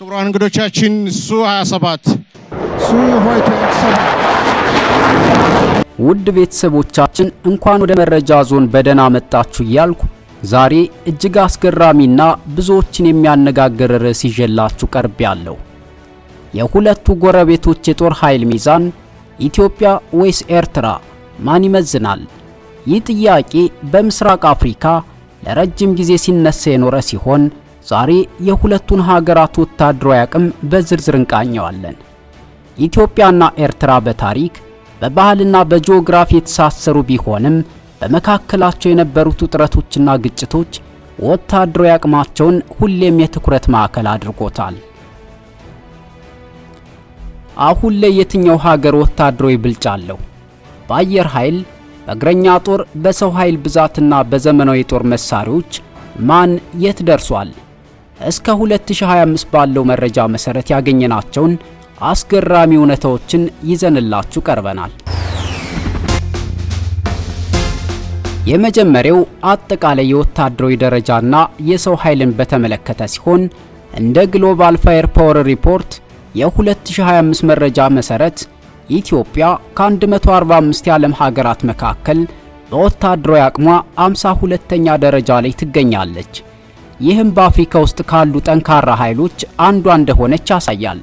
ክቡራን እንግዶቻችን ሱ 27 ሱ ውድ ቤተሰቦቻችን እንኳን ወደ መረጃ ዞን በደህና መጣችሁ እያልኩ ዛሬ እጅግ አስገራሚና ብዙዎችን የሚያነጋግር ርዕስ ይዤላችሁ ቀርብ ያለው የሁለቱ ጎረቤቶች የጦር ኃይል ሚዛን ኢትዮጵያ ወይስ ኤርትራ ማን ይመዝናል? ይህ ጥያቄ በምስራቅ አፍሪካ ለረጅም ጊዜ ሲነሳ የኖረ ሲሆን ዛሬ የሁለቱን ሀገራት ወታደራዊ አቅም በዝርዝር እንቃኘዋለን። ኢትዮጵያና ኤርትራ በታሪክ በባህልና በጂኦግራፊ የተሳሰሩ ቢሆንም በመካከላቸው የነበሩት ውጥረቶችና ግጭቶች ወታደራዊ አቅማቸውን ሁሌም የትኩረት ማዕከል አድርጎታል። አሁን ላይ የትኛው ሀገር ወታደራዊ ብልጫ አለው? በአየር ኃይል፣ በእግረኛ ጦር፣ በሰው ኃይል ብዛትና በዘመናዊ የጦር መሳሪያዎች ማን የት ደርሷል? እስከ 2025 ባለው መረጃ መሰረት ያገኘናቸውን አስገራሚ እውነታዎችን ይዘንላችሁ ቀርበናል። የመጀመሪያው አጠቃላይ የወታደራዊ ደረጃና የሰው ኃይልን በተመለከተ ሲሆን እንደ ግሎባል ፋየር ፓወር ሪፖርት የ2025 መረጃ መሰረት ኢትዮጵያ ከ145 የዓለም ሀገራት መካከል በወታደራዊ አቅሟ 52ኛ ደረጃ ላይ ትገኛለች። ይህም በአፍሪካ ውስጥ ካሉ ጠንካራ ኃይሎች አንዷ እንደሆነች ያሳያል።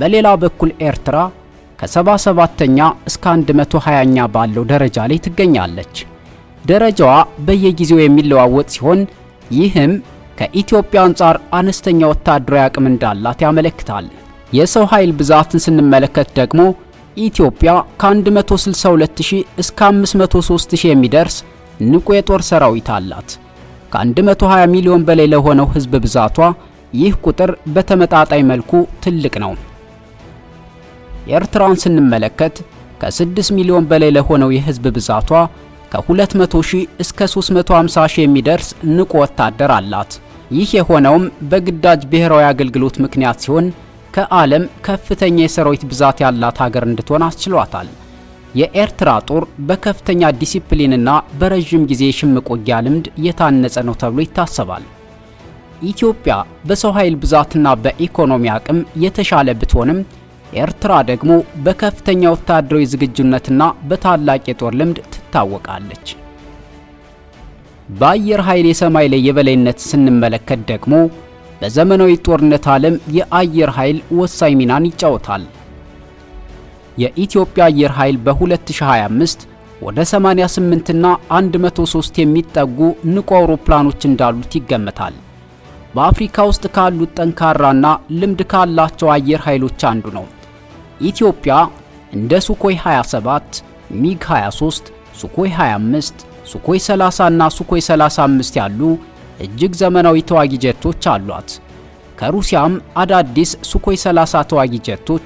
በሌላ በኩል ኤርትራ ከ77ኛ እስከ 120ኛ ባለው ደረጃ ላይ ትገኛለች። ደረጃዋ በየጊዜው የሚለዋወጥ ሲሆን ይህም ከኢትዮጵያ አንጻር አነስተኛ ወታደራዊ አቅም እንዳላት ያመለክታል። የሰው ኃይል ብዛትን ስንመለከት ደግሞ ኢትዮጵያ ከ162000 እስከ 503000 የሚደርስ ንቁ የጦር ሰራዊት አላት። ከ120 ሚሊዮን በላይ ለሆነው ህዝብ ብዛቷ ይህ ቁጥር በተመጣጣኝ መልኩ ትልቅ ነው። ኤርትራን ስንመለከት ከ6 ሚሊዮን በላይ ለሆነው የህዝብ ብዛቷ ከ200 ሺህ እስከ 350 ሺህ የሚደርስ ንቁ ወታደር አላት። ይህ የሆነውም በግዳጅ ብሔራዊ አገልግሎት ምክንያት ሲሆን ከዓለም ከፍተኛ የሰራዊት ብዛት ያላት ሀገር እንድትሆን አስችሏታል። የኤርትራ ጦር በከፍተኛ ዲሲፕሊንና በረዥም ጊዜ የሽምቅ ውጊያ ልምድ የታነጸ ነው ተብሎ ይታሰባል። ኢትዮጵያ በሰው ኃይል ብዛትና በኢኮኖሚ አቅም የተሻለ ብትሆንም ኤርትራ ደግሞ በከፍተኛ ወታደራዊ ዝግጁነትና በታላቅ የጦር ልምድ ትታወቃለች። በአየር ኃይል የሰማይ ላይ የበላይነት ስንመለከት ደግሞ በዘመናዊ ጦርነት ዓለም የአየር ኃይል ወሳኝ ሚናን ይጫወታል። የኢትዮጵያ አየር ኃይል በ2025 ወደ 88 እና 103 የሚጠጉ ንቁ አውሮፕላኖች እንዳሉት ይገመታል። በአፍሪካ ውስጥ ካሉት ጠንካራና ልምድ ካላቸው አየር ኃይሎች አንዱ ነው። ኢትዮጵያ እንደ ሱኮይ 27፣ ሚግ 23፣ ሱኮይ 25፣ ሱኮይ 30 እና ሱኮይ 35 ያሉ እጅግ ዘመናዊ ተዋጊ ጀቶች አሏት። ከሩሲያም አዳዲስ ሱኮይ 30 ተዋጊ ጀቶች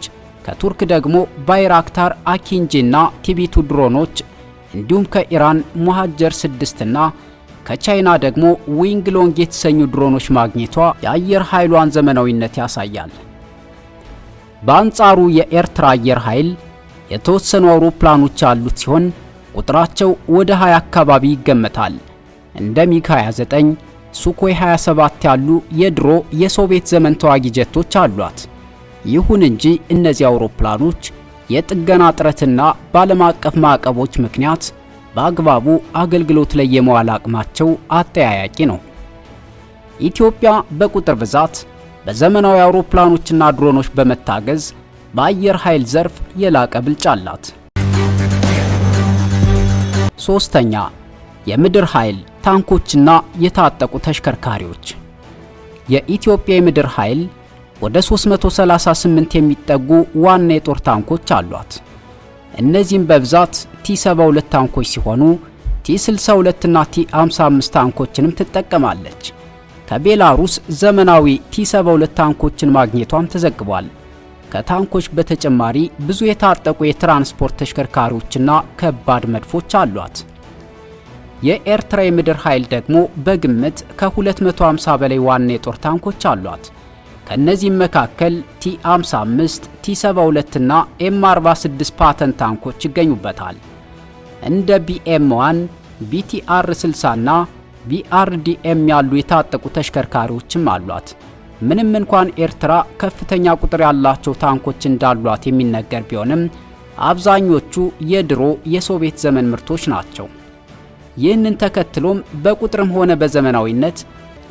ከቱርክ ደግሞ ባይራክታር አኪንጂና ቲቢቱ ድሮኖች እንዲሁም ከኢራን መሃጀር 6 ከቻይና ደግሞ ዊንግ ሎንግ የተሰኙ ድሮኖች ማግኘቷ የአየር ኃይሏን ዘመናዊነት ያሳያል። በአንጻሩ የኤርትራ አየር ኃይል የተወሰኑ አውሮፕላኖች ያሉት ሲሆን ቁጥራቸው ወደ 20 አካባቢ ይገመታል። እንደ ሚግ 29፣ ሱኮይ 27 ያሉ የድሮ የሶቪየት ዘመን ተዋጊ ጀቶች አሏት። ይሁን እንጂ እነዚህ አውሮፕላኖች የጥገና እጥረትና በዓለም አቀፍ ማዕቀቦች ምክንያት በአግባቡ አገልግሎት ላይ የመዋል አቅማቸው አጠያያቂ ነው። ኢትዮጵያ በቁጥር ብዛት በዘመናዊ አውሮፕላኖችና ድሮኖች በመታገዝ በአየር ኃይል ዘርፍ የላቀ ብልጫ አላት። ሶስተኛ የምድር ኃይል ታንኮችና የታጠቁ ተሽከርካሪዎች። የኢትዮጵያ የምድር ኃይል ወደ 338 የሚጠጉ ዋና የጦር ታንኮች አሏት። እነዚህም በብዛት ቲ72 ታንኮች ሲሆኑ ቲ62 እና ቲ55 ታንኮችንም ትጠቀማለች። ከቤላሩስ ዘመናዊ ቲ72 ታንኮችን ማግኘቷም ተዘግቧል። ከታንኮች በተጨማሪ ብዙ የታጠቁ የትራንስፖርት ተሽከርካሪዎችና ከባድ መድፎች አሏት። የኤርትራ የምድር ኃይል ደግሞ በግምት ከ250 በላይ ዋና የጦር ታንኮች አሏት። ከእነዚህም መካከል ቲ55፣ ቲ72 እና ኤም46 ፓተንት ታንኮች ይገኙበታል። እንደ ቢኤም1፣ ቢቲአር60 እና ቢአርዲኤም ያሉ የታጠቁ ተሽከርካሪዎችም አሏት። ምንም እንኳን ኤርትራ ከፍተኛ ቁጥር ያላቸው ታንኮች እንዳሏት የሚነገር ቢሆንም አብዛኞቹ የድሮ የሶቪየት ዘመን ምርቶች ናቸው። ይህንን ተከትሎም በቁጥርም ሆነ በዘመናዊነት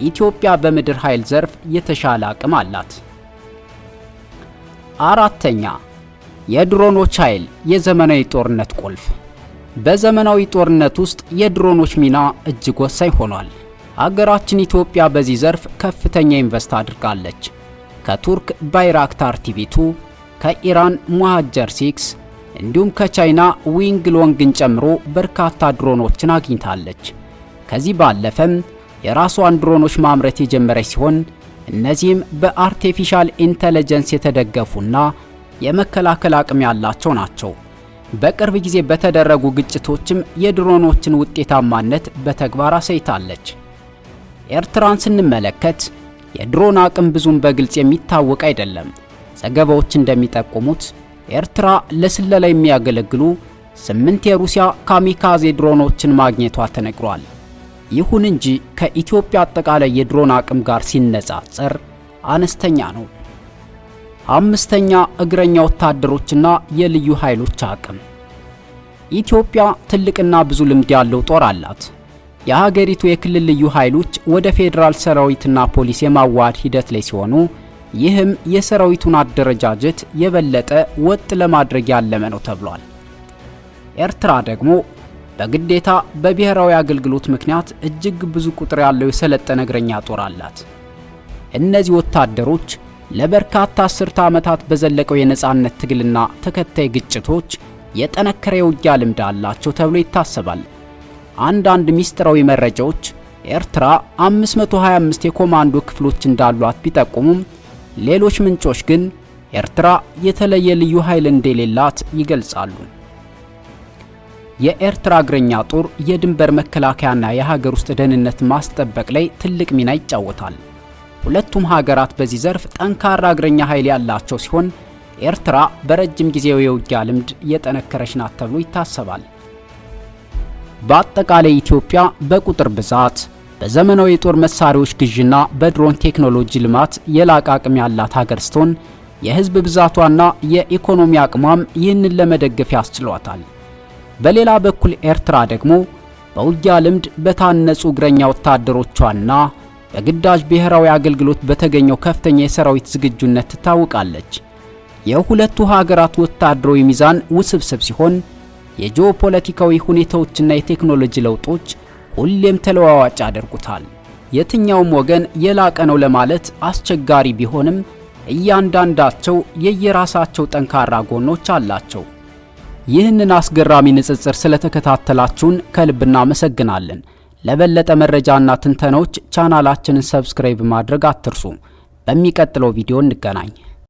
ኢትዮጵያ በምድር ኃይል ዘርፍ የተሻለ አቅም አላት። አራተኛ የድሮኖች ኃይል የዘመናዊ ጦርነት ቁልፍ። በዘመናዊ ጦርነት ውስጥ የድሮኖች ሚና እጅግ ወሳኝ ሆኗል። አገራችን ኢትዮጵያ በዚህ ዘርፍ ከፍተኛ ኢንቨስት አድርጋለች። ከቱርክ ባይራክታር ቲቪ2፣ ከኢራን ሙሃጀር 6 እንዲሁም ከቻይና ዊንግ ሎንግን ጨምሮ በርካታ ድሮኖችን አግኝታለች። ከዚህ ባለፈም የራሷን ድሮኖች ማምረት የጀመረች ሲሆን እነዚህም በአርቴፊሻል ኢንተለጀንስ የተደገፉና የመከላከል አቅም ያላቸው ናቸው። በቅርብ ጊዜ በተደረጉ ግጭቶችም የድሮኖችን ውጤታማነት በተግባር አሳይታለች። ኤርትራን ስንመለከት የድሮን አቅም ብዙም በግልጽ የሚታወቅ አይደለም። ዘገባዎች እንደሚጠቁሙት ኤርትራ ለስለላ የሚያገለግሉ ስምንት የሩሲያ ካሚካዜ ድሮኖችን ማግኘቷ ተነግሯል። ይሁን እንጂ ከኢትዮጵያ አጠቃላይ የድሮን አቅም ጋር ሲነጻጸር አነስተኛ ነው። አምስተኛ እግረኛ ወታደሮችና የልዩ ኃይሎች አቅም። ኢትዮጵያ ትልቅና ብዙ ልምድ ያለው ጦር አላት። የሀገሪቱ የክልል ልዩ ኃይሎች ወደ ፌዴራል ሰራዊትና ፖሊስ የማዋሃድ ሂደት ላይ ሲሆኑ ይህም የሰራዊቱን አደረጃጀት የበለጠ ወጥ ለማድረግ ያለመ ነው ተብሏል። ኤርትራ ደግሞ በግዴታ በብሔራዊ አገልግሎት ምክንያት እጅግ ብዙ ቁጥር ያለው የሰለጠነ እግረኛ ጦር አላት። እነዚህ ወታደሮች ለበርካታ አስርተ ዓመታት በዘለቀው የነጻነት ትግልና ተከታይ ግጭቶች የጠነከረ የውጊያ ልምድ አላቸው ተብሎ ይታሰባል። አንዳንድ ሚስጥራዊ መረጃዎች ኤርትራ 525 የኮማንዶ ክፍሎች እንዳሏት ቢጠቁሙም ሌሎች ምንጮች ግን ኤርትራ የተለየ ልዩ ኃይል እንደሌላት ይገልጻሉ። የኤርትራ እግረኛ ጦር የድንበር መከላከያና የሀገር ውስጥ ደህንነት ማስጠበቅ ላይ ትልቅ ሚና ይጫወታል። ሁለቱም ሀገራት በዚህ ዘርፍ ጠንካራ እግረኛ ኃይል ያላቸው ሲሆን ኤርትራ በረጅም ጊዜው የውጊያ ልምድ የጠነከረች ናት ተብሎ ይታሰባል። በአጠቃላይ ኢትዮጵያ በቁጥር ብዛት፣ በዘመናዊ የጦር መሳሪያዎች ግዥና በድሮን ቴክኖሎጂ ልማት የላቀ አቅም ያላት ሀገር ስትሆን የህዝብ ብዛቷና የኢኮኖሚ አቅሟም ይህንን ለመደገፍ ያስችሏታል። በሌላ በኩል ኤርትራ ደግሞ በውጊያ ልምድ በታነጹ እግረኛ ወታደሮቿና በግዳጅ ብሔራዊ አገልግሎት በተገኘው ከፍተኛ የሰራዊት ዝግጁነት ትታወቃለች። የሁለቱ ሀገራት ወታደራዊ ሚዛን ውስብስብ ሲሆን የጂኦፖለቲካዊ ሁኔታዎችና የቴክኖሎጂ ለውጦች ሁሌም ተለዋዋጭ ያደርጉታል። የትኛውም ወገን የላቀ ነው ለማለት አስቸጋሪ ቢሆንም እያንዳንዳቸው የየራሳቸው ጠንካራ ጎኖች አላቸው። ይህንን አስገራሚ ንጽጽር ስለተከታተላችሁን ከልብ እናመሰግናለን። ለበለጠ መረጃና ትንተኖች ቻናላችንን ሰብስክራይብ ማድረግ አትርሱ። በሚቀጥለው ቪዲዮ እንገናኝ።